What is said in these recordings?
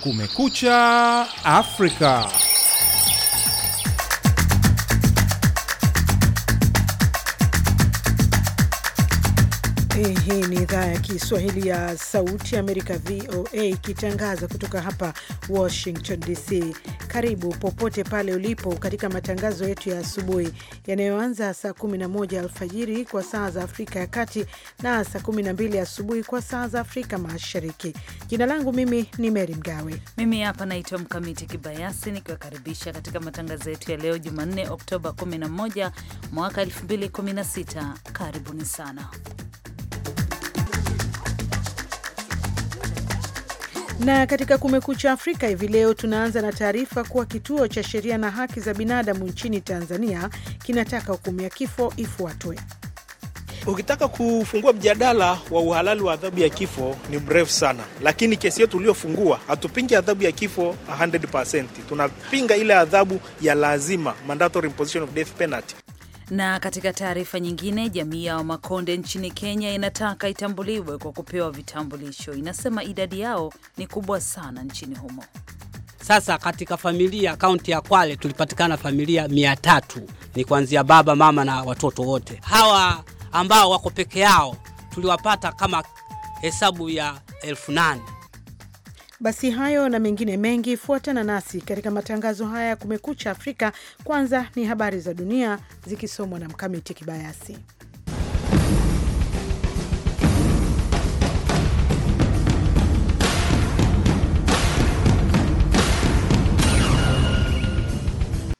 Kumekucha Afrika. Hii ni idhaa ya Kiswahili ya Sauti Amerika, VOA, ikitangaza kutoka hapa Washington DC. Karibu popote pale ulipo katika matangazo yetu ya asubuhi yanayoanza saa 11 alfajiri kwa saa za Afrika ya Kati na saa 12 asubuhi kwa saa za Afrika Mashariki. Jina langu mimi ni Meri Mgawe. Mimi hapa naitwa Mkamiti Kibayasi nikiwakaribisha katika matangazo yetu ya leo Jumanne, Oktoba 11 mwaka 2016. Karibuni sana Na katika Kumekucha Afrika hivi leo tunaanza na taarifa kuwa kituo cha sheria na haki za binadamu nchini Tanzania kinataka hukumu ya kifo ifuatwe. Ukitaka kufungua mjadala wa uhalali wa adhabu ya kifo ni mrefu sana, lakini kesi yetu uliofungua hatupingi adhabu ya kifo 100%. Tunapinga ile adhabu ya lazima, mandatory imposition of death penalty, na katika taarifa nyingine, jamii ya Wamakonde nchini Kenya inataka itambuliwe kwa kupewa vitambulisho. Inasema idadi yao ni kubwa sana nchini humo. Sasa katika familia kaunti ya Kwale tulipatikana familia mia tatu, ni kuanzia baba, mama na watoto wote. Hawa ambao wako peke yao tuliwapata kama hesabu ya elfu nane. Basi hayo na mengine mengi, fuatana nasi katika matangazo haya ya Kumekucha Afrika. Kwanza ni habari za dunia zikisomwa na Mkamiti Kibayasi.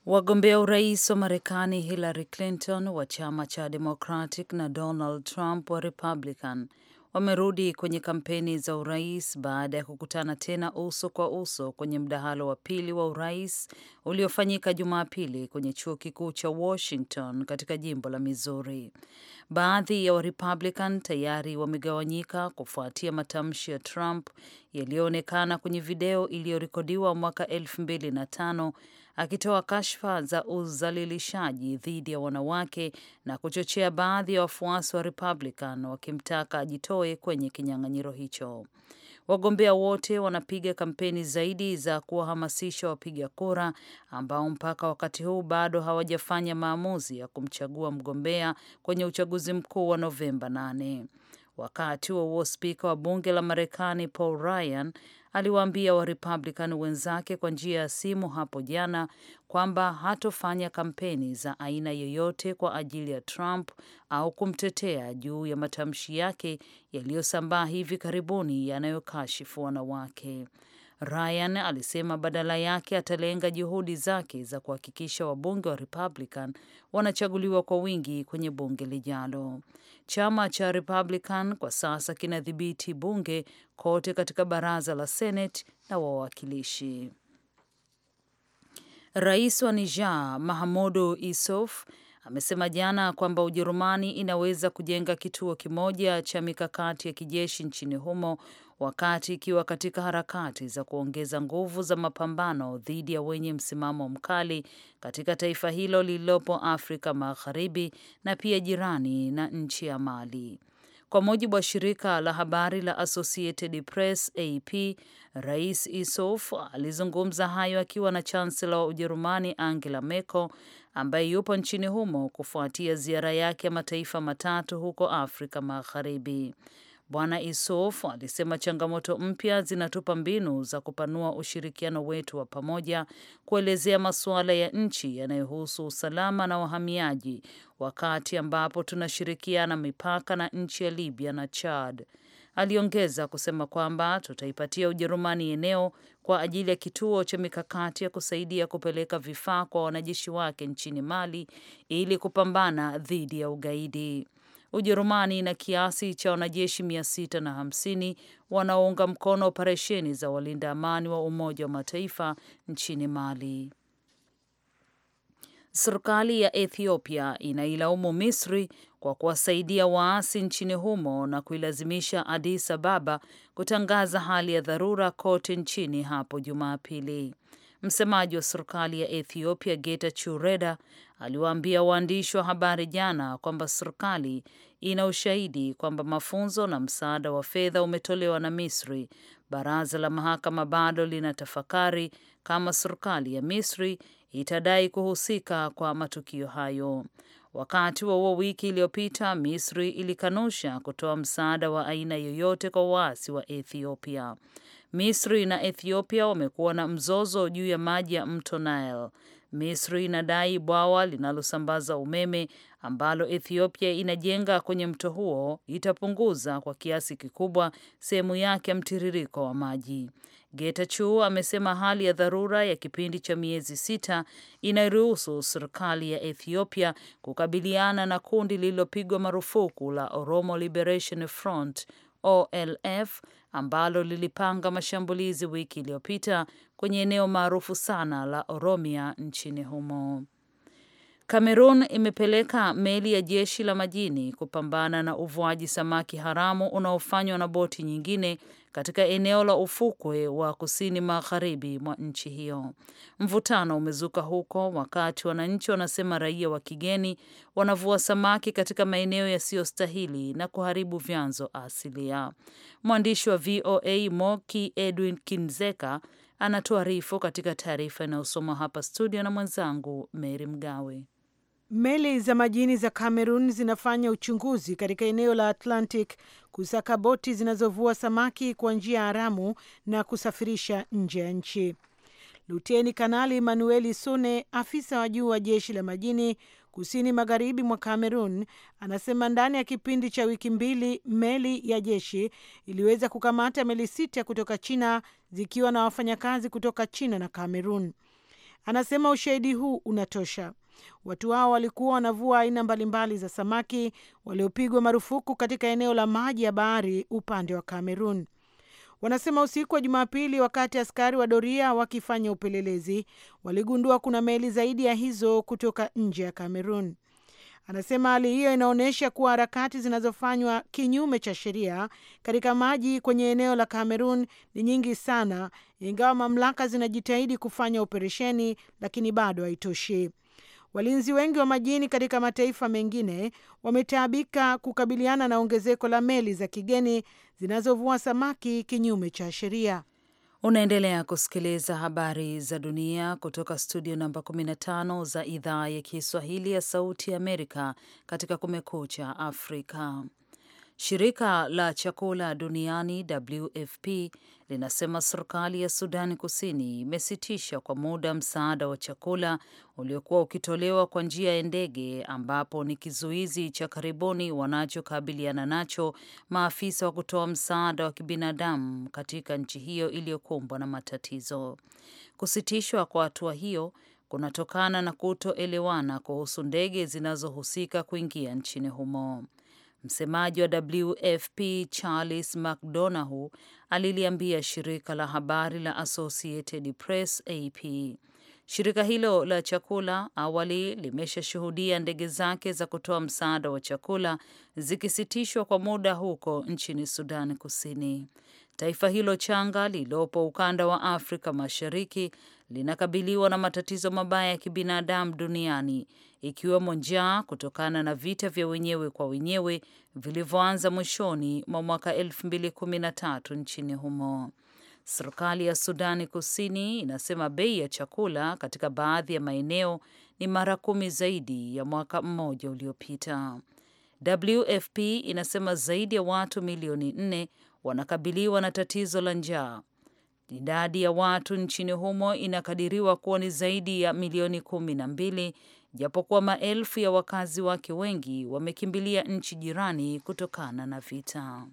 Wagombea urais wa Marekani Hillary Clinton wa chama cha Democratic na Donald Trump wa Republican wamerudi kwenye kampeni za urais baada ya kukutana tena uso kwa uso kwenye mdahalo wa pili wa urais uliofanyika Jumapili kwenye chuo kikuu cha Washington katika jimbo la Missouri. Baadhi ya Warepublican tayari wamegawanyika kufuatia matamshi ya Trump yaliyoonekana kwenye video iliyorekodiwa mwaka elfu mbili na tano akitoa kashfa za uzalilishaji dhidi ya wanawake na kuchochea baadhi ya wafuasi wa Republican wakimtaka ajitoe kwenye kinyang'anyiro hicho. Wagombea wote wanapiga kampeni zaidi za kuwahamasisha wapiga kura ambao mpaka wakati huu bado hawajafanya maamuzi ya kumchagua mgombea kwenye uchaguzi mkuu wa Novemba 8. Wakati huo huo, spika wa bunge la Marekani Paul Ryan aliwaambia Warepublican wenzake kwa njia ya simu hapo jana kwamba hatofanya kampeni za aina yoyote kwa ajili ya Trump au kumtetea juu ya matamshi yake yaliyosambaa hivi karibuni yanayokashifu wanawake. Ryan alisema badala yake atalenga juhudi zake za kuhakikisha wabunge wa Republican wanachaguliwa kwa wingi kwenye bunge lijalo. Chama cha Republican kwa sasa kinadhibiti bunge kote katika baraza la Senate na wawakilishi. Rais wa Niger Mahamudu isof amesema jana kwamba Ujerumani inaweza kujenga kituo kimoja cha mikakati ya kijeshi nchini humo wakati ikiwa katika harakati za kuongeza nguvu za mapambano dhidi ya wenye msimamo mkali katika taifa hilo lililopo Afrika Magharibi na pia jirani na nchi ya Mali. Kwa mujibu wa shirika la habari la Associated Press AP, Rais Issouf alizungumza hayo akiwa na chansela wa Ujerumani Angela Merkel ambaye yupo nchini humo kufuatia ziara yake ya mataifa matatu huko Afrika Magharibi. Bwana Isof alisema changamoto mpya zinatupa mbinu za kupanua ushirikiano wetu wa pamoja, kuelezea masuala ya nchi yanayohusu usalama na wahamiaji, wakati ambapo tunashirikiana mipaka na nchi ya Libya na Chad. Aliongeza kusema kwamba tutaipatia Ujerumani eneo kwa ajili ya kituo cha mikakati ya kusaidia kupeleka vifaa kwa wanajeshi wake nchini Mali ili kupambana dhidi ya ugaidi. Ujerumani ina kiasi cha wanajeshi mia sita na hamsini wanaounga mkono operesheni za walinda amani wa Umoja wa Mataifa nchini Mali. Serikali ya Ethiopia inailaumu Misri kwa kuwasaidia waasi nchini humo na kuilazimisha Addis Ababa kutangaza hali ya dharura kote nchini hapo Jumapili. Msemaji wa serikali ya Ethiopia Getachew Reda aliwaambia waandishi wa habari jana kwamba serikali ina ushahidi kwamba mafunzo na msaada wa fedha umetolewa na Misri. Baraza la mahakama bado linatafakari kama serikali ya Misri itadai kuhusika kwa matukio hayo. Wakati wa huo, wiki iliyopita Misri ilikanusha kutoa msaada wa aina yoyote kwa waasi wa Ethiopia. Misri na Ethiopia wamekuwa na mzozo juu ya maji ya mto Nile. Misri inadai bwawa linalosambaza umeme ambalo Ethiopia inajenga kwenye mto huo itapunguza kwa kiasi kikubwa sehemu yake ya mtiririko wa maji. Getachew amesema hali ya dharura ya kipindi cha miezi sita inayoruhusu serikali ya Ethiopia kukabiliana na kundi lililopigwa marufuku la Oromo Liberation Front OLF ambalo lilipanga mashambulizi wiki iliyopita kwenye eneo maarufu sana la Oromia nchini humo. Kamerun imepeleka meli ya jeshi la majini kupambana na uvuaji samaki haramu unaofanywa na boti nyingine katika eneo la ufukwe wa kusini magharibi mwa nchi hiyo. Mvutano umezuka huko wakati wananchi wanasema raia wa kigeni wanavua samaki katika maeneo yasiyostahili na kuharibu vyanzo asilia. Mwandishi wa VOA Moki Edwin Kinzeka anatuarifu katika taarifa inayosomwa hapa studio na mwenzangu Mery Mgawe. Meli za majini za Cameroon zinafanya uchunguzi katika eneo la Atlantic kusaka boti zinazovua samaki kwa njia haramu na kusafirisha nje ya nchi. Luteni Kanali manueli Sune, afisa wa juu wa jeshi la majini kusini magharibi mwa Cameroon, anasema ndani ya kipindi cha wiki mbili meli ya jeshi iliweza kukamata meli sita kutoka China zikiwa na wafanyakazi kutoka China na Cameroon. Anasema ushahidi huu unatosha. Watu hao walikuwa wanavua aina mbalimbali za samaki waliopigwa marufuku katika eneo la maji ya bahari upande wa Kamerun. Wanasema usiku wa Jumapili, wakati askari wa doria wakifanya upelelezi, waligundua kuna meli zaidi ya hizo kutoka nje ya Kamerun. Anasema hali hiyo inaonyesha kuwa harakati zinazofanywa kinyume cha sheria katika maji kwenye eneo la Kamerun ni nyingi sana, ingawa mamlaka zinajitahidi kufanya operesheni, lakini bado haitoshi. Walinzi wengi wa majini katika mataifa mengine wametaabika kukabiliana na ongezeko la meli za kigeni zinazovua samaki kinyume cha sheria. Unaendelea kusikiliza habari za dunia kutoka studio namba 15 za idhaa ya Kiswahili ya Sauti ya Amerika katika Kumekucha Afrika. Shirika la chakula duniani WFP linasema serikali ya Sudani Kusini imesitisha kwa muda msaada wa chakula uliokuwa ukitolewa kwa njia ya ndege, ambapo ni kizuizi cha karibuni wanachokabiliana nacho maafisa wa kutoa msaada wa kibinadamu katika nchi hiyo iliyokumbwa na matatizo. Kusitishwa kwa hatua hiyo kunatokana na kutoelewana kuhusu ndege zinazohusika kuingia nchini humo. Msemaji wa WFP Charles McDonagh aliliambia shirika la habari la Associated Press AP. Shirika hilo la chakula awali limeshashuhudia ndege zake za kutoa msaada wa chakula zikisitishwa kwa muda huko nchini Sudan Kusini. Taifa hilo changa lililopo ukanda wa Afrika Mashariki linakabiliwa na matatizo mabaya ya kibinadamu duniani ikiwemo njaa kutokana na vita vya wenyewe kwa wenyewe vilivyoanza mwishoni mwa mwaka 2013 nchini humo. Serikali ya Sudani Kusini inasema bei ya chakula katika baadhi ya maeneo ni mara kumi zaidi ya mwaka mmoja uliopita. WFP inasema zaidi ya watu milioni nne wanakabiliwa na tatizo la njaa Idadi ya watu nchini humo inakadiriwa kuwa ni zaidi ya milioni kumi na mbili, japokuwa maelfu ya wakazi wake wengi wamekimbilia nchi jirani kutokana na vita.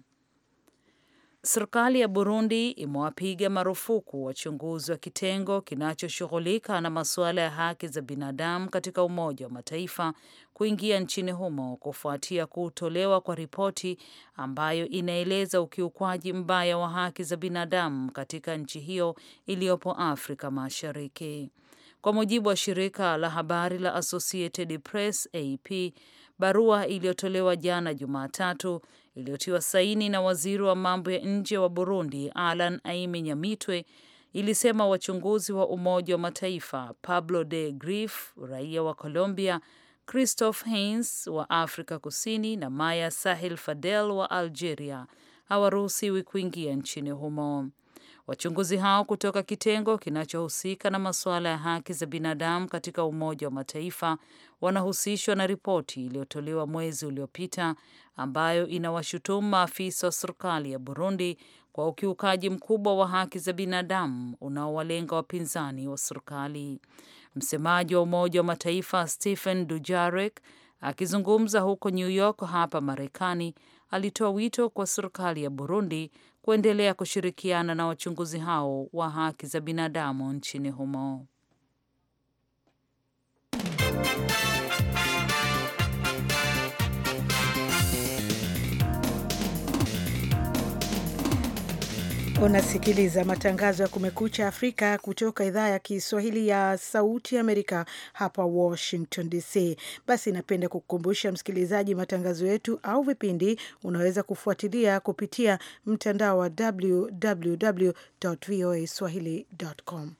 Serikali ya Burundi imewapiga marufuku wachunguzi wa kitengo kinachoshughulika na masuala ya haki za binadamu katika Umoja wa Mataifa kuingia nchini humo kufuatia kutolewa kwa ripoti ambayo inaeleza ukiukwaji mbaya wa haki za binadamu katika nchi hiyo iliyopo Afrika Mashariki. Kwa mujibu wa shirika la habari la Associated Press AP, barua iliyotolewa jana Jumatatu iliyotiwa saini na waziri wa mambo ya nje wa Burundi Alan Aime Nyamitwe ilisema wachunguzi wa Umoja wa Mataifa Pablo de Grief, raia wa Colombia, Christoph Haines wa Afrika Kusini na Maya Sahel Fadel wa Algeria hawaruhusiwi kuingia nchini humo. Wachunguzi hao kutoka kitengo kinachohusika na masuala ya haki za binadamu katika Umoja wa Mataifa wanahusishwa na ripoti iliyotolewa mwezi uliopita ambayo inawashutumu maafisa wa serikali ya Burundi kwa ukiukaji mkubwa wa haki za binadamu unaowalenga wapinzani wa serikali. Msemaji wa Umoja wa Mataifa Stephen Dujarric akizungumza huko New York hapa Marekani alitoa wito kwa serikali ya Burundi kuendelea kushirikiana na wachunguzi hao wa haki za binadamu nchini humo. Unasikiliza matangazo ya Kumekucha Afrika kutoka idhaa ya Kiswahili ya Sauti Amerika hapa Washington DC. Basi napenda kukukumbusha msikilizaji, matangazo yetu au vipindi unaweza kufuatilia kupitia mtandao wa www voa swahili.com.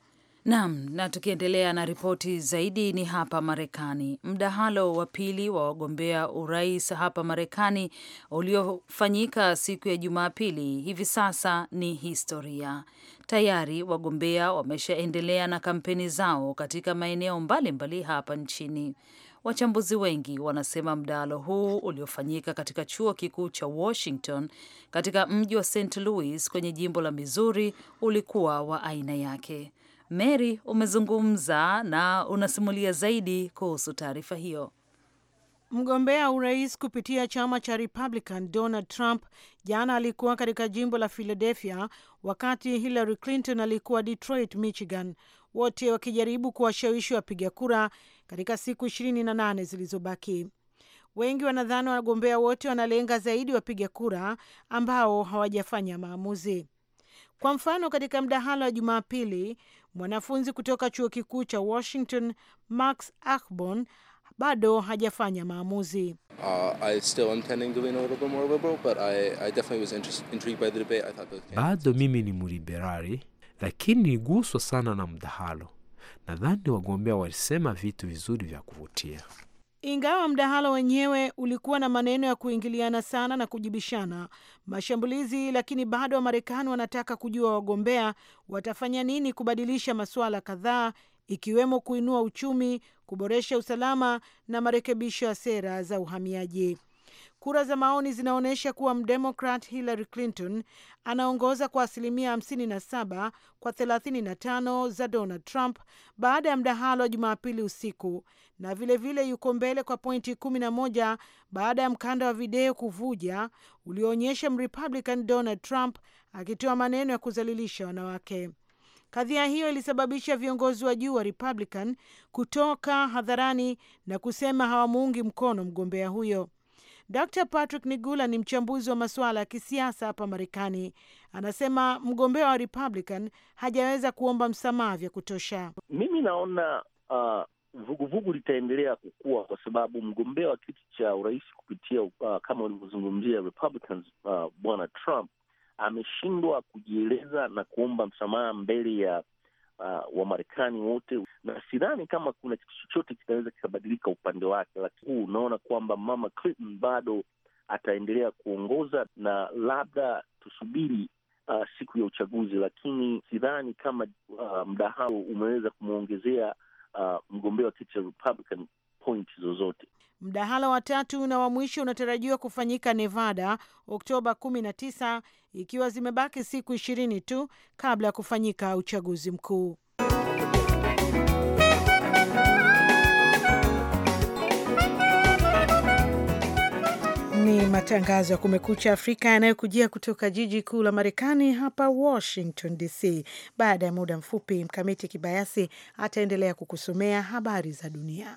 Naam, na tukiendelea na ripoti zaidi ni hapa Marekani. Mdahalo wa pili wa wagombea urais hapa Marekani uliofanyika siku ya Jumapili hivi sasa ni historia. Tayari wagombea wameshaendelea na kampeni zao katika maeneo mbalimbali hapa nchini. Wachambuzi wengi wanasema mdahalo huu uliofanyika katika chuo kikuu cha Washington katika mji wa St. Louis kwenye jimbo la Missouri ulikuwa wa aina yake. Mary, umezungumza na unasimulia zaidi kuhusu taarifa hiyo. Mgombea urais kupitia chama cha Republican Donald Trump jana alikuwa katika jimbo la Philadelphia wakati Hillary Clinton alikuwa Detroit, Michigan, wote wakijaribu kuwashawishi wapiga kura katika siku ishirini na nane zilizobaki. Wengi wanadhani wagombea wote wanalenga zaidi wapiga kura ambao hawajafanya maamuzi. Kwa mfano, katika mdahalo wa Jumapili, Mwanafunzi kutoka chuo kikuu cha Washington, Max Ahbon, bado hajafanya maamuzi. Uh, bado mimi ni muliberali lakini niliguswa sana na mdahalo. Nadhani wagombea walisema vitu vizuri vya kuvutia. Ingawa mdahalo wenyewe ulikuwa na maneno ya kuingiliana sana na kujibishana mashambulizi, lakini bado Wamarekani wanataka kujua wagombea watafanya nini kubadilisha masuala kadhaa, ikiwemo kuinua uchumi, kuboresha usalama na marekebisho ya sera za uhamiaji. Kura za maoni zinaonyesha kuwa mdemokrat Hillary Clinton anaongoza kwa asilimia 57 kwa 35 za Donald Trump baada ya mdahalo wa Jumapili usiku, na vilevile vile yuko mbele kwa pointi 11 baada ya mkanda wa video kuvuja ulioonyesha mrepublican Donald Trump akitoa maneno ya kuzalilisha wanawake. Kadhia hiyo ilisababisha viongozi wa juu wa Republican kutoka hadharani na kusema hawamuungi mkono mgombea huyo. Dr Patrick Nigula ni mchambuzi wa masuala ya kisiasa hapa Marekani. Anasema mgombea wa Republican hajaweza kuomba msamaha vya kutosha. Mimi naona uh, vuguvugu litaendelea kukua kwa sababu mgombea wa kiti cha urais kupitia uh, kama ulivyozungumzia Republicans, uh, bwana Trump ameshindwa kujieleza na kuomba msamaha mbele ya uh, Wamarekani wote, na sidhani kama kuna kitu chochote kitaweza kikabadilika upande wake. Lakini unaona kwamba mama Clinton bado ataendelea kuongoza na labda tusubiri uh, siku ya uchaguzi, lakini sidhani kama uh, mdahalo umeweza kumwongezea uh, mgombea wa kiti cha Republican point zozote. Mdahalo wa tatu na wa mwisho unatarajiwa kufanyika Nevada Oktoba 19 ikiwa zimebaki siku ishirini tu kabla ya kufanyika uchaguzi mkuu. Ni matangazo ya Kumekucha Afrika yanayokujia kutoka jiji kuu la Marekani, hapa Washington DC. Baada ya muda mfupi, Mkamiti Kibayasi ataendelea kukusomea habari za dunia.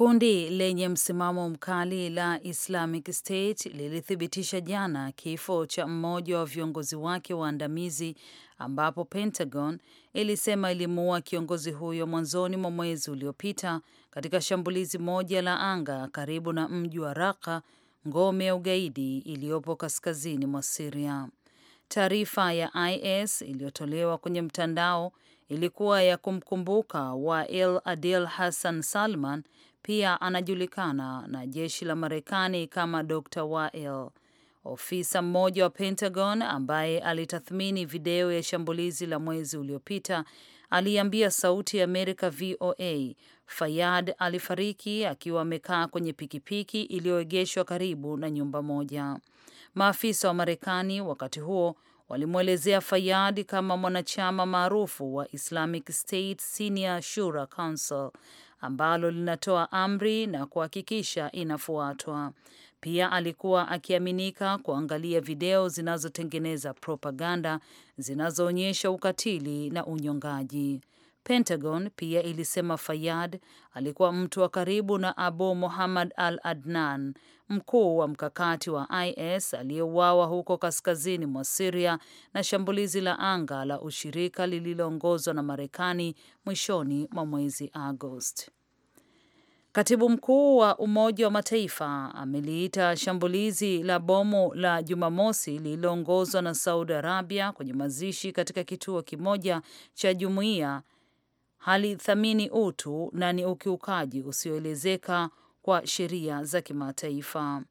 Kundi lenye msimamo mkali la Islamic State lilithibitisha jana kifo cha mmoja wa viongozi wake waandamizi ambapo Pentagon ilisema ilimuua kiongozi huyo mwanzoni mwa mwezi uliopita katika shambulizi moja la anga karibu na mji wa Raqqa, ngome ya ugaidi iliyopo kaskazini mwa siria Taarifa ya IS iliyotolewa kwenye mtandao ilikuwa ya kumkumbuka wa El Adel Hassan Salman pia anajulikana na jeshi la Marekani kama Dr. Wael. Ofisa mmoja wa Pentagon ambaye alitathmini video ya shambulizi la mwezi uliopita aliambia Sauti ya Amerika VOA Fayad alifariki akiwa amekaa kwenye pikipiki iliyoegeshwa karibu na nyumba moja. Maafisa wa Marekani wakati huo walimwelezea Fayad kama mwanachama maarufu wa Islamic State Senior Shura Council ambalo linatoa amri na kuhakikisha inafuatwa. Pia alikuwa akiaminika kuangalia video zinazotengeneza propaganda zinazoonyesha ukatili na unyongaji. Pentagon pia ilisema fayad alikuwa mtu wa karibu na Abu Muhammad al-Adnan, mkuu wa mkakati wa IS aliyeuawa huko kaskazini mwa siria na shambulizi la anga la ushirika lililoongozwa na Marekani mwishoni mwa mwezi Agosti. Katibu mkuu wa Umoja wa Mataifa ameliita shambulizi la bomu la Jumamosi lililoongozwa na Saudi Arabia kwenye mazishi katika kituo kimoja cha jumuiya halithamini utu na ni ukiukaji usioelezeka kwa sheria za kimataifa.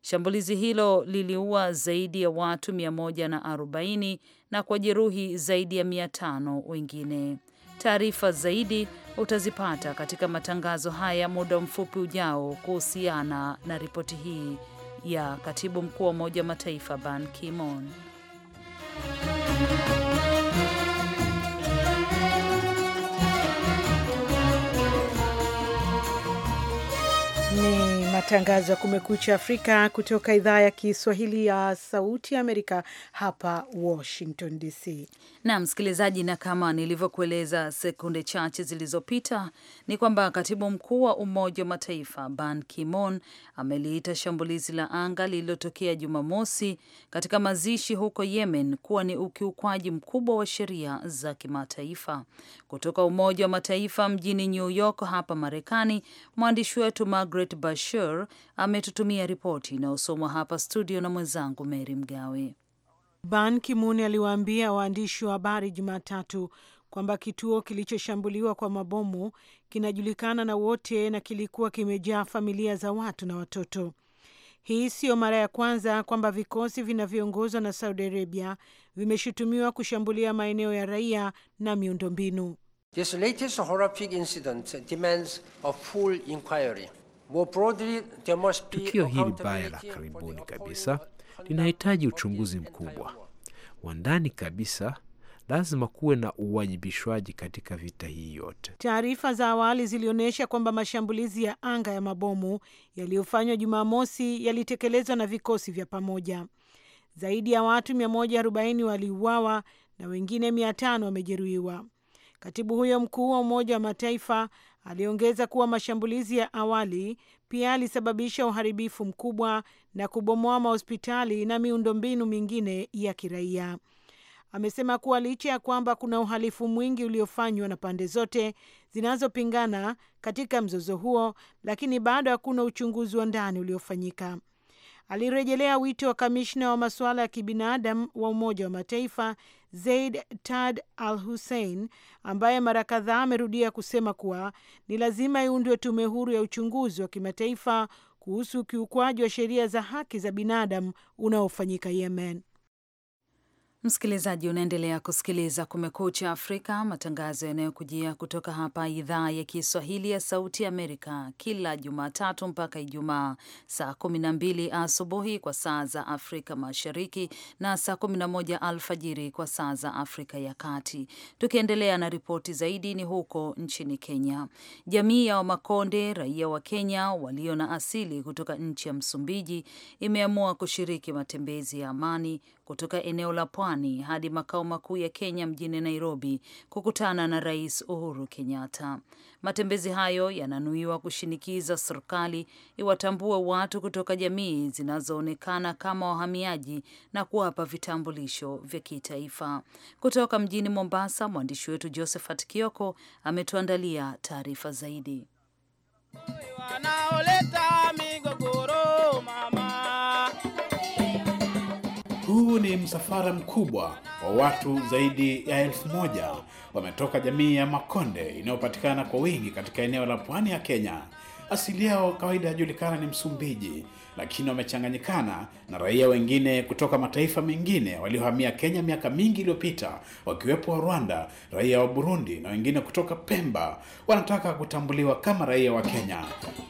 Shambulizi hilo liliua zaidi ya watu 140 na, na jeruhi zaidi ya 500 wengine. Taarifa zaidi utazipata katika matangazo haya muda mfupi ujao kuhusiana na ripoti hii ya katibu mkuu wa Umoja wa Mataifa Ban Ki-moon. matangazo ya Kumekucha Afrika kutoka idhaa ya Kiswahili ya Sauti ya Amerika hapa Washington DC. Na msikilizaji, na kama nilivyokueleza sekunde chache zilizopita ni kwamba katibu mkuu wa Umoja wa Mataifa Ban Ki-moon ameliita shambulizi la anga lililotokea Jumamosi katika mazishi huko Yemen kuwa ni ukiukwaji mkubwa wa sheria za kimataifa. Kutoka Umoja wa Mataifa mjini New York hapa Marekani, mwandishi wetu Margaret Bashir ametutumia ripoti inayosomwa hapa studio na mwenzangu Mary Mgawe. Ban Kimun aliwaambia waandishi wa habari Jumatatu kwamba kituo kilichoshambuliwa kwa mabomu kinajulikana na wote na kilikuwa kimejaa familia za watu na watoto. Hii siyo mara ya kwanza kwamba vikosi vinavyoongozwa na Saudi Arabia vimeshutumiwa kushambulia maeneo ya raia na miundombinu. This tukio hili baya la karibuni kabisa linahitaji uchunguzi mkubwa wa ndani kabisa. Lazima kuwe na uwajibishwaji katika vita hii yote. Taarifa za awali zilionyesha kwamba mashambulizi ya anga ya mabomu yaliyofanywa Jumamosi yalitekelezwa na vikosi vya pamoja. Zaidi ya watu 140 waliuawa na wengine 500 wamejeruhiwa. Katibu huyo mkuu wa Umoja wa Mataifa aliongeza kuwa mashambulizi ya awali pia alisababisha uharibifu mkubwa na kubomoa mahospitali na miundombinu mingine ya kiraia. Amesema kuwa licha ya kwamba kuna uhalifu mwingi uliofanywa na pande zote zinazopingana katika mzozo huo, lakini bado hakuna uchunguzi wa ndani uliofanyika alirejelea wito wa kamishna wa masuala ya kibinadamu wa Umoja wa Mataifa Zaid Tad Al Hussein ambaye mara kadhaa amerudia kusema kuwa ni lazima iundwe tume huru ya uchunguzi wa kimataifa kuhusu ukiukwaji wa sheria za haki za binadamu unaofanyika Yemen. Msikilizaji, unaendelea kusikiliza Kumekucha Afrika, matangazo yanayokujia kutoka hapa idhaa ya Kiswahili ya Sauti Amerika, kila Jumatatu mpaka Ijumaa saa 12 asubuhi kwa saa za Afrika Mashariki na saa 11 alfajiri kwa saa za Afrika ya Kati. Tukiendelea na ripoti zaidi, ni huko nchini Kenya. Jamii ya Wamakonde, raia wa Kenya walio na asili kutoka nchi ya Msumbiji, imeamua kushiriki matembezi ya amani kutoka eneo la pwani hadi makao makuu ya Kenya mjini Nairobi kukutana na Rais Uhuru Kenyatta. Matembezi hayo yananuiwa kushinikiza serikali iwatambue watu kutoka jamii zinazoonekana kama wahamiaji na kuwapa vitambulisho vya kitaifa. Kutoka mjini Mombasa, mwandishi wetu Josephat Kioko ametuandalia taarifa zaidi. msafara mkubwa wa watu zaidi ya elfu moja wametoka jamii ya Makonde inayopatikana kwa wingi katika eneo la pwani ya Kenya asili yao kawaida yajulikana ni Msumbiji, lakini wamechanganyikana na raia wengine kutoka mataifa mengine waliohamia Kenya miaka mingi iliyopita, wakiwepo wa Rwanda, raia wa Burundi na wengine kutoka Pemba. Wanataka kutambuliwa kama raia wa Kenya.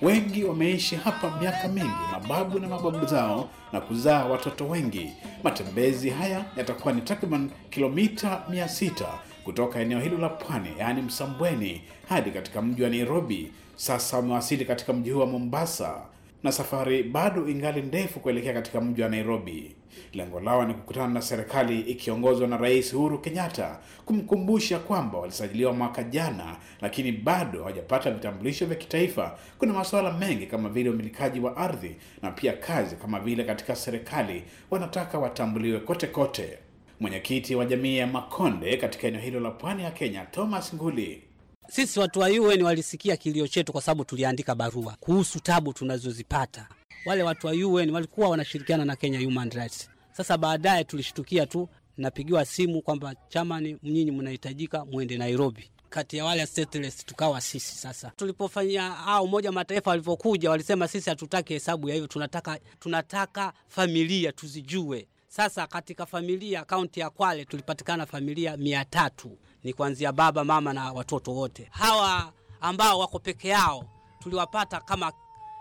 Wengi wameishi hapa miaka mingi, mababu na mababu zao, na kuzaa watoto wengi. Matembezi haya yatakuwa ni takriban kilomita 6 kutoka eneo hilo la pwani, yaani Msambweni, hadi katika mji wa Nairobi sasa wamewasili katika mji huu wa Mombasa na safari bado ingali ndefu kuelekea katika mji wa Nairobi. Lengo lao ni kukutana na serikali ikiongozwa na Rais Uhuru Kenyatta kumkumbusha kwamba walisajiliwa mwaka jana, lakini bado hawajapata vitambulisho vya kitaifa. Kuna masuala mengi kama vile umilikaji wa ardhi na pia kazi kama vile katika serikali, wanataka watambuliwe kote kote. Mwenyekiti wa jamii ya Makonde katika eneo hilo la pwani ya Kenya, Thomas Nguli, sisi watu wa UN walisikia kilio chetu, kwa sababu tuliandika barua kuhusu tabu tunazozipata. Wale watu wa UN walikuwa wanashirikiana na Kenya Human Rights. Sasa baadaye tulishtukia tu, napigiwa simu kwamba chamani, nyinyi mnahitajika mwende Nairobi kati ya wale stateless tukawa sisi sasa. Tulipofanya au Umoja Mataifa walivyokuja, walisema sisi hatutaki hesabu ya hivyo, tunataka, tunataka familia tuzijue. Sasa katika familia kaunti ya Kwale tulipatikana familia mia tatu ni kuanzia baba, mama na watoto wote. Hawa ambao wako peke yao tuliwapata kama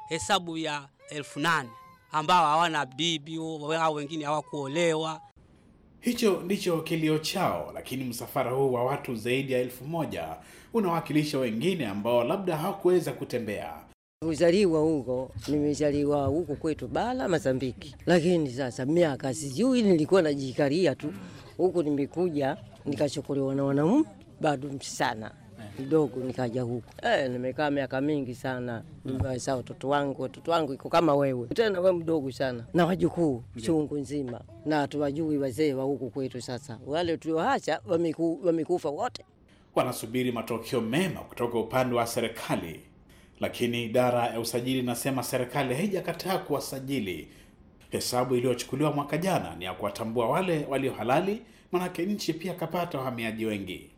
hesabu ya elfu nane ambao hawana bibi au wengine hawakuolewa. Hicho ndicho kilio chao, lakini msafara huu wa watu zaidi ya elfu moja unawakilisha wengine ambao labda hawakuweza kutembea. Uzaliwa huko, nimezaliwa huko kwetu Bala mazambiki lakini sasa miaka sijui, nilikuwa najikaria tu huku, nimekuja nikachukuliwa na wanaume bado sana mdogo nikaja huku eh, nimekaa miaka mingi sana nimewazaa watoto wangu. Watoto wangu iko kama wewe tena, we mdogo sana na wajukuu chungu nzima, na tuwajui wazee wa huku kwetu. Sasa wale tulioacha wamekufa wote, wanasubiri matokeo mema kutoka upande wa serikali, lakini idara ya usajili inasema serikali haijakataa kuwasajili. Hesabu iliyochukuliwa mwaka jana ni ya kuwatambua wale walio halali manake nchi pia kapata wahamiaji wengi.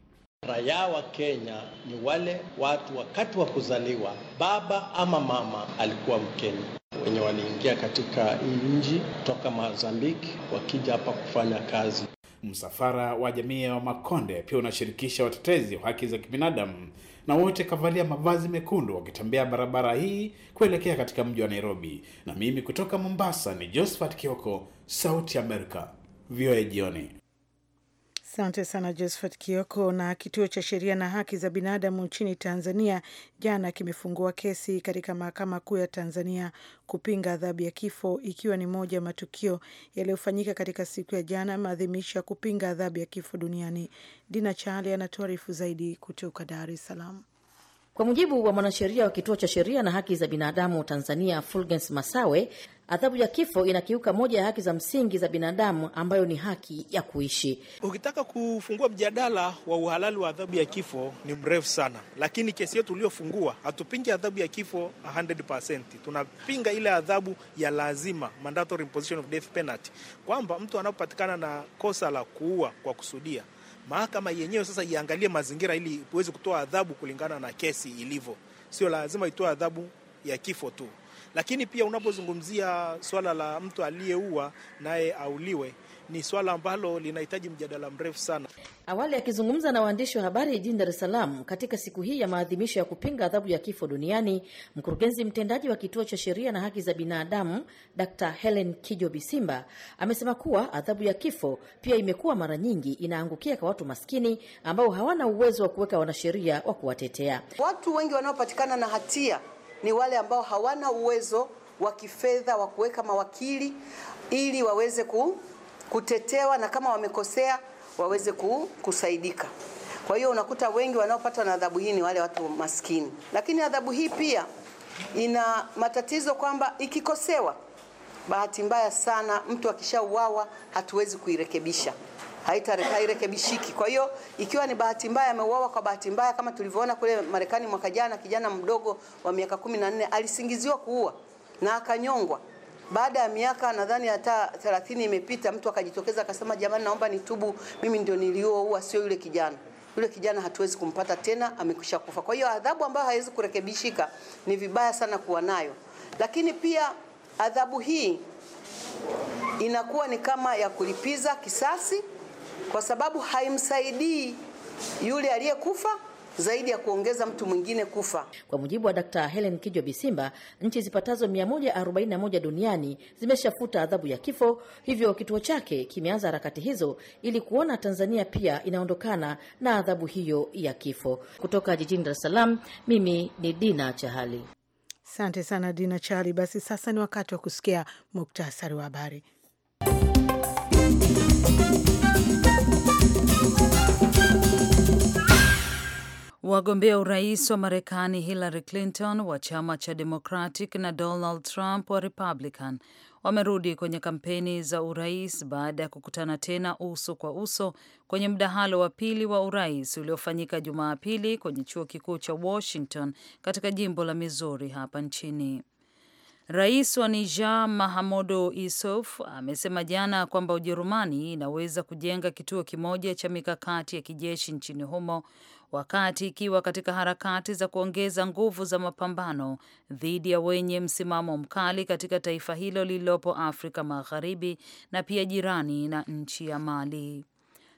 Raia wa Kenya ni wale watu wakati wa kuzaliwa baba ama mama alikuwa Mkenya, wenye waliingia katika hii nchi toka Mozambiki wakija hapa kufanya kazi. Msafara wa jamii ya Makonde pia unashirikisha watetezi wa haki za kibinadamu na wote kavalia mavazi mekundu wakitembea barabara hii kuelekea katika mji wa Nairobi. Na mimi kutoka Mombasa ni Josephat Kioko, Sauti ya Amerika, VOA jioni. Asante sana Josephat Kioko. Na kituo cha sheria na haki za binadamu nchini Tanzania jana kimefungua kesi katika mahakama kuu ya Tanzania kupinga adhabu ya kifo, ikiwa ni moja ya matukio yaliyofanyika katika siku ya jana, maadhimisho ya kupinga adhabu ya kifo duniani. Dina Chali anatoarifu zaidi kutoka Dar es Salaam. Kwa mujibu wa mwanasheria wa kituo cha sheria na haki za binadamu Tanzania, Fulgens Masawe, adhabu ya kifo inakiuka moja ya haki za msingi za binadamu ambayo ni haki ya kuishi. Ukitaka kufungua mjadala wa uhalali wa adhabu ya kifo ni mrefu sana, lakini kesi yetu uliofungua hatupingi adhabu ya kifo 100%. Tunapinga ile adhabu ya lazima, mandatory imposition of death penalty, kwamba mtu anapopatikana na kosa la kuua kwa kusudia mahakama yenyewe sasa iangalie mazingira ili iweze kutoa adhabu kulingana na kesi ilivyo. Sio lazima itoe adhabu ya kifo tu, lakini pia unapozungumzia swala la mtu aliyeua naye auliwe ni swala ambalo linahitaji mjadala mrefu sana. Awali akizungumza na waandishi wa habari jijini Dar es Salaam katika siku hii ya maadhimisho ya kupinga adhabu ya kifo duniani, mkurugenzi mtendaji wa kituo cha sheria na haki za binadamu Dkt. Helen Kijo Bisimba amesema kuwa adhabu ya kifo pia imekuwa mara nyingi inaangukia kwa watu maskini ambao hawana uwezo wa kuweka wanasheria wa kuwatetea. Watu wengi wanaopatikana na hatia ni wale ambao hawana uwezo wa kifedha wa kuweka mawakili ili waweze ku kutetewa, na kama wamekosea waweze kusaidika. Kwa hiyo unakuta wengi wanaopatwa na adhabu hii ni wale watu maskini, lakini adhabu hii pia ina matatizo kwamba ikikosewa, bahati mbaya sana, mtu akishauawa hatuwezi kuirekebisha, hairekebishiki. Kwa hiyo ikiwa ni bahati mbaya, ameuawa kwa bahati mbaya, kama tulivyoona kule Marekani mwaka jana, kijana mdogo wa miaka 14 alisingiziwa kuua na akanyongwa baada ya miaka nadhani hata 30 imepita, mtu akajitokeza akasema, jamani, naomba nitubu, mimi ndio nilioua, sio yule kijana yule kijana hatuwezi kumpata tena, amekwisha kufa. Kwa hiyo adhabu ambayo haiwezi kurekebishika ni vibaya sana kuwa nayo, lakini pia adhabu hii inakuwa ni kama ya kulipiza kisasi, kwa sababu haimsaidii yule aliyekufa, zaidi ya kuongeza mtu mwingine kufa. Kwa mujibu wa Dkt. Helen Kijo Bisimba, nchi zipatazo 141 duniani zimeshafuta adhabu ya kifo, hivyo kituo chake kimeanza harakati hizo ili kuona Tanzania pia inaondokana na adhabu hiyo ya kifo. Kutoka jijini Dar es Salaam, mimi ni Dina Chahali. Asante sana Dina Chahali. Basi sasa ni wakati wa kusikia muktasari wa habari. Wagombea urais wa Marekani Hillary Clinton wa chama cha Democratic na Donald Trump wa Republican wamerudi kwenye kampeni za urais baada ya kukutana tena uso kwa uso kwenye mdahalo wa pili wa urais uliofanyika Jumapili kwenye chuo kikuu cha Washington katika jimbo la Missouri hapa nchini. Rais wa Niger Mahamudu Isuf amesema jana kwamba Ujerumani inaweza kujenga kituo kimoja cha mikakati ya kijeshi nchini humo wakati ikiwa katika harakati za kuongeza nguvu za mapambano dhidi ya wenye msimamo mkali katika taifa hilo lililopo Afrika Magharibi na pia jirani na nchi ya Mali.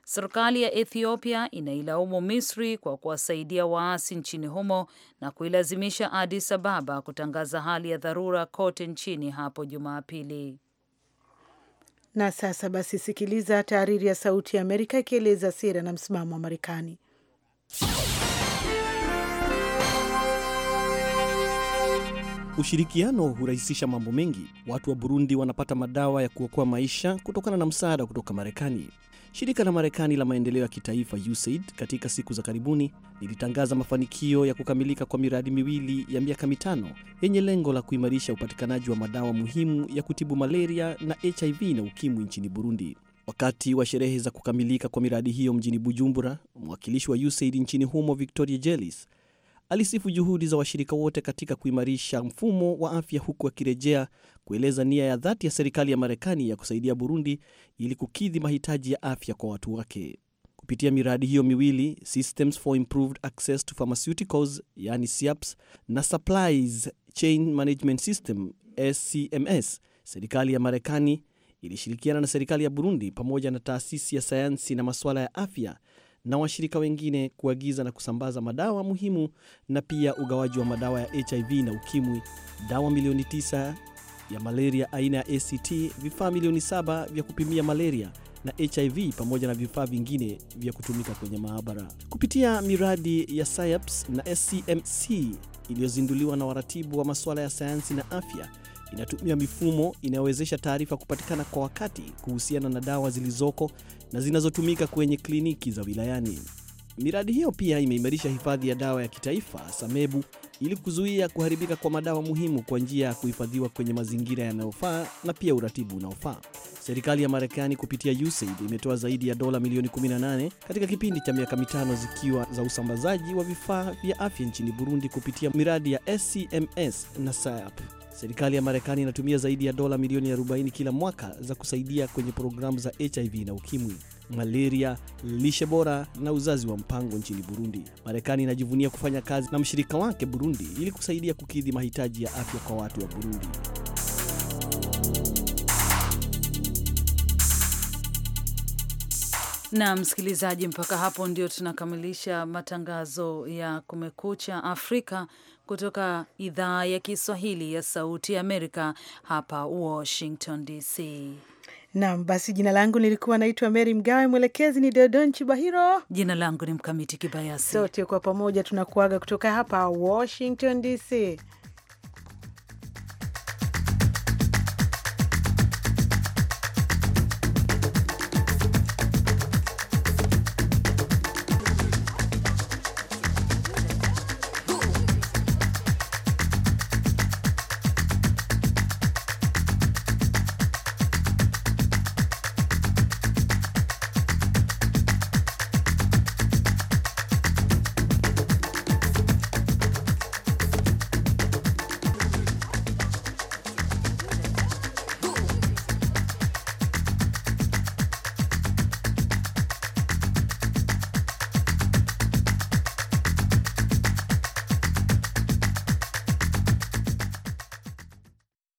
Serikali ya Ethiopia inailaumu Misri kwa kuwasaidia waasi nchini humo na kuilazimisha Addis Ababa kutangaza hali ya dharura kote nchini hapo Jumapili. Na sasa basi, sikiliza tahariri ya Sauti ya Amerika ikieleza sera na msimamo wa Marekani. Ushirikiano hurahisisha mambo mengi. Watu wa Burundi wanapata madawa ya kuokoa maisha kutokana na msaada kutoka Marekani. Shirika la Marekani la maendeleo ya kitaifa USAID katika siku za karibuni lilitangaza mafanikio ya kukamilika kwa miradi miwili ya miaka mitano yenye lengo la kuimarisha upatikanaji wa madawa muhimu ya kutibu malaria na HIV na ukimwi nchini Burundi. Wakati wa sherehe za kukamilika kwa miradi hiyo mjini Bujumbura, mwakilishi wa USAID nchini humo Victoria Jelis alisifu juhudi za washirika wote katika kuimarisha mfumo wa afya, huku akirejea kueleza nia ya dhati ya serikali ya Marekani ya kusaidia Burundi ili kukidhi mahitaji ya afya kwa watu wake kupitia miradi hiyo miwili Systems for Improved Access to Pharmaceuticals, yani SIAPS, na Supplies Chain Management System SCMS. Serikali ya Marekani ilishirikiana na serikali ya Burundi pamoja na taasisi ya sayansi na masuala ya afya na washirika wengine kuagiza na kusambaza madawa muhimu na pia ugawaji wa madawa ya HIV na ukimwi, dawa milioni 9 ya malaria aina ya ACT, vifaa milioni 7 vya kupimia malaria na HIV pamoja na vifaa vingine vya kutumika kwenye maabara kupitia miradi ya SIAPS na SCMC iliyozinduliwa na waratibu wa masuala ya sayansi na afya inatumia mifumo inayowezesha taarifa kupatikana kwa wakati kuhusiana na dawa zilizoko na zinazotumika kwenye kliniki za wilayani. Miradi hiyo pia imeimarisha hifadhi ya dawa ya kitaifa Samebu ili kuzuia kuharibika kwa madawa muhimu kwa njia ya kuhifadhiwa kwenye mazingira yanayofaa na pia uratibu unaofaa. Serikali ya Marekani kupitia USAID imetoa zaidi ya dola milioni 18 katika kipindi cha miaka mitano zikiwa za usambazaji wa vifaa vya afya nchini Burundi kupitia miradi ya SCMS na SAP. Serikali ya Marekani inatumia zaidi ya dola milioni 40 kila mwaka za kusaidia kwenye programu za HIV na UKIMWI malaria, lishe bora na uzazi wa mpango nchini Burundi. Marekani inajivunia kufanya kazi na mshirika wake Burundi ili kusaidia kukidhi mahitaji ya afya kwa watu wa Burundi. Na msikilizaji, mpaka hapo ndio tunakamilisha matangazo ya Kumekucha Afrika kutoka idhaa ya Kiswahili ya Sauti ya Amerika hapa Washington DC. Naam, basi jina langu nilikuwa naitwa Mary Mgawe, mwelekezi ni Deodon Chibahiro, jina langu ni Mkamiti Kibayasi. Sote kwa pamoja tunakuaga kutoka hapa Washington DC.